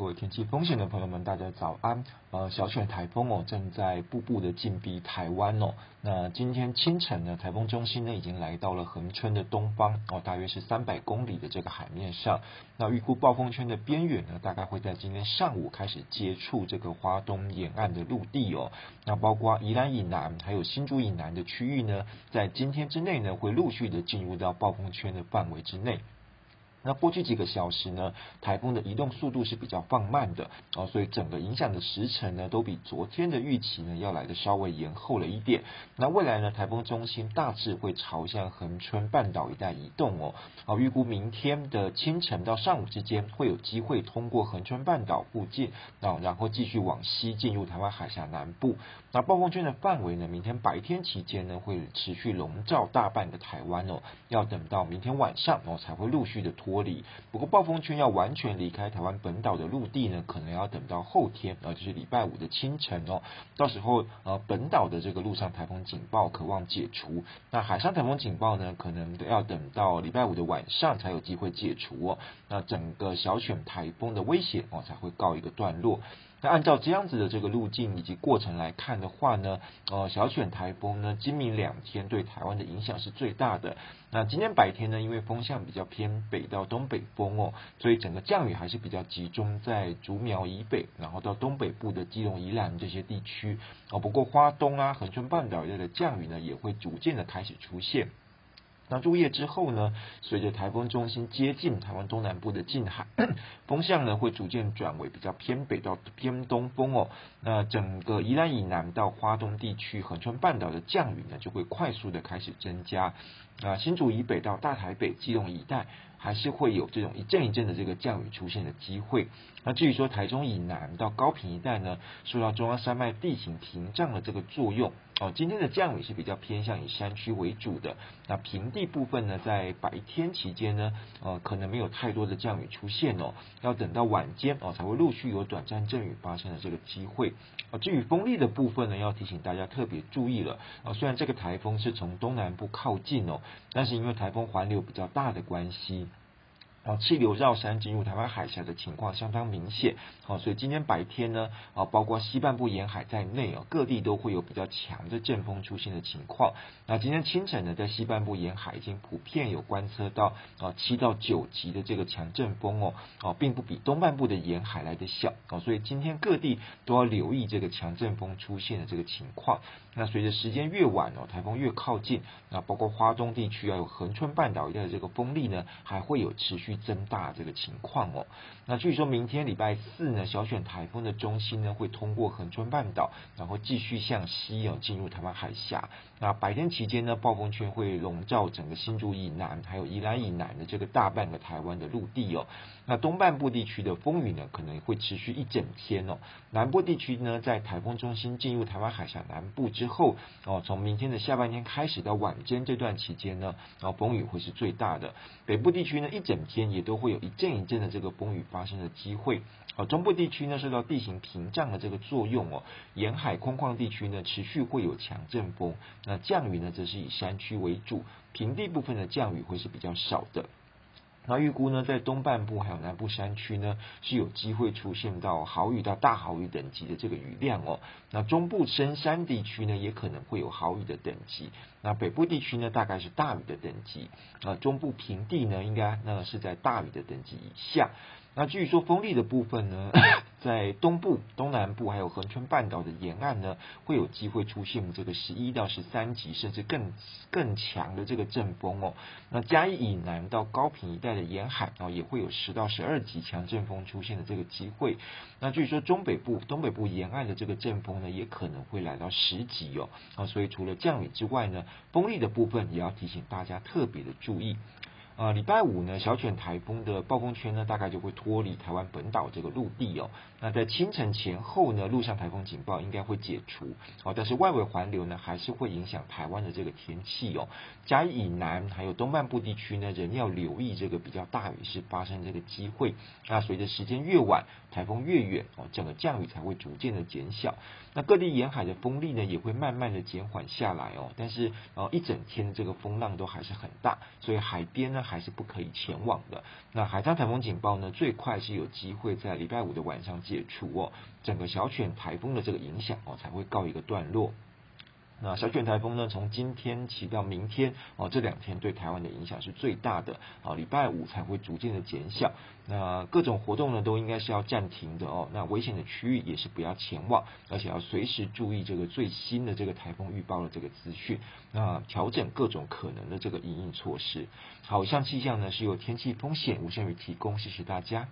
各位天氣風險的朋友們，大家早安。呃，小犬颱風哦，正在步步的進逼台灣哦。那今天清晨呢，颱風中心呢已經來到了恆春的東方哦，大約是三百公里的這個海面上。那預估暴風圈的邊緣呢，大概會在今天上午開始接觸這個花東沿岸的陸地哦。那包括宜蘭以南，還有新竹以南的區域呢，在今天之內呢，會陸續的進入到暴風圈的範圍之內。那過去幾個小時呢，颱風的移動速度是比較放慢的，啊、哦，所以整個影響的時程呢，都比昨天的預期呢要來的稍微延後了一點。那未來呢，颱風中心大致會朝向恆春半島一帶移動哦，好、哦，預估明天的清晨到上午之間，會有機會通過恆春半島附近，啊、哦，然後繼續往西進入臺灣海峽南部。那暴風圈的範圍呢，明天白天期間呢，會持續籠罩大半個臺灣哦，要等到明天晚上哦，才會陸續的突。玻璃。不過，暴風圈要完全離開台灣本島的陸地呢，可能要等到後天啊，就是禮拜五的清晨哦。到時候呃，本島的這個陸上台風警報可望解除，那海上台風警報呢，可能要等到禮拜五的晚上才有機會解除哦。那整個小犬台風的威脅哦，才會告一個段落。那按照這樣子的這個路徑以及過程來看的話呢，呃，小犬颱風呢，今明兩天對台灣的影響是最大的。那今天白天呢，因為風向比較偏北到東北風哦，所以整個降雨還是比較集中在竹苗以北，然後到東北部的基隆、宜蘭這些地區。哦、呃，不過花東啊、恆春半島一帶的降雨呢，也會逐漸的開始出現。那入夜之後呢，隨着颱風中心接近台灣東南部的近海，風向呢會逐漸轉為比較偏北到偏東風哦。那、呃、整個宜蘭以南到花東地區、恆春半島的降雨呢，就會快速的開始增加。啊、呃，新竹以北到大台北基隆一帶。還是會有這種一陣一陣的這個降雨出現的機會。那至於說台中以南到高屏一帶呢，受到中央山脈地形屏障的這個作用，哦，今天的降雨是比較偏向以山區為主的。那平地部分呢，在白天期間呢，呃，可能沒有太多的降雨出現哦，要等到晚間哦，才會陸續有短暫陣雨發生的這個機會。哦、啊，至於風力的部分呢，要提醒大家特別注意了。哦、啊，雖然這個台風是從東南部靠近哦，但是因為台風環流比較大的關係。啊，氣流繞山進入台灣海峽的情況相當明顯。啊，所以今天白天呢，啊，包括西半部沿海在內哦、啊，各地都會有比較強的陣風出現的情況。那今天清晨呢，在西半部沿海已經普遍有觀測到啊七到九級的這個強陣風哦。哦、啊，並不比東半部的沿海來的小。哦、啊，所以今天各地都要留意這個強陣風出現的這個情況。那隨着時間越晚哦、啊，颱風越靠近，那、啊、包括花東地區要、啊、有恆春半島一帶的這個風力呢，還會有持續。增大這個情況哦，那據說明天禮拜四呢，小犬颱風的中心呢會通過恆春半島，然後繼續向西哦，進入台灣海峽。那白天期間呢，暴風圈會籠罩整個新竹以南，還有宜蘭以南的這個大半個台灣的陸地哦。那東半部地區的風雨呢，可能會持續一整天哦。南部地區呢，在台風中心進入台灣海峽南部之後哦，從明天的下半天開始到晚間這段期間呢，然後，哦，風雨會是最大的。北部地區呢，一整天。也都會有一陣一陣的這個風雨發生的機會。好、哦，中部地區呢，受到地形屏障的這個作用哦，沿海空曠地區呢，持續會有強陣風，那降雨呢，則是以山區為主，平地部分的降雨會是比較少的。那預估呢，在東半部還有南部山區呢，是有機會出現到豪雨到大豪雨等級的這個雨量哦。那中部深山地區呢，也可能會有豪雨的等級。那北部地區呢，大概是大雨的等級。那中部平地呢，應該呢是在大雨的等級以下。那至於說風力的部分呢， 在東部、東南部還有恆春半島的沿岸呢，會有機會出現這個十一到十三級，甚至更更強的這個陣風哦。那嘉義以南到高屏一帶的沿海啊、哦，也會有十到十二級強陣風出現的這個機會。那據說中北部、東北部沿岸的這個陣風呢，也可能會來到十級哦。啊、哦，所以除了降雨之外呢，風力的部分也要提醒大家特別的注意。呃，禮拜五呢，小犬颱風的暴風圈呢，大概就會脫離臺灣本島這個陸地哦。那在清晨前後呢，陸上颱風警報應該會解除哦。但是外圍環流呢，還是會影響臺灣的這個天氣哦。嘉義以南還有東半部地區呢，仍要留意這個比較大雨勢發生這個機會。那隨着時間越晚，颱風越遠哦，整個降雨才會逐漸的減小。那各地沿海的風力呢，也會慢慢的減緩下來哦。但是哦，一整天這個風浪都還是很大，所以海邊呢，還是不可以前往的。那海上台風警報呢，最快是有機會在禮拜五的晚上解除哦，整個小犬台風的這個影響哦，才會告一個段落。那小犬颱風呢？從今天起到明天哦，這兩天對台灣的影響是最大的。哦，禮拜五才會逐漸的減小。那各種活動呢，都應該是要暫停的哦。那危險的區域也是不要前往，而且要隨時注意這個最新的這個颱風預報的這個資訊。那、啊、調整各種可能的這個因應措施。以上氣象呢是由天氣風險吳聖宇提供，謝謝大家。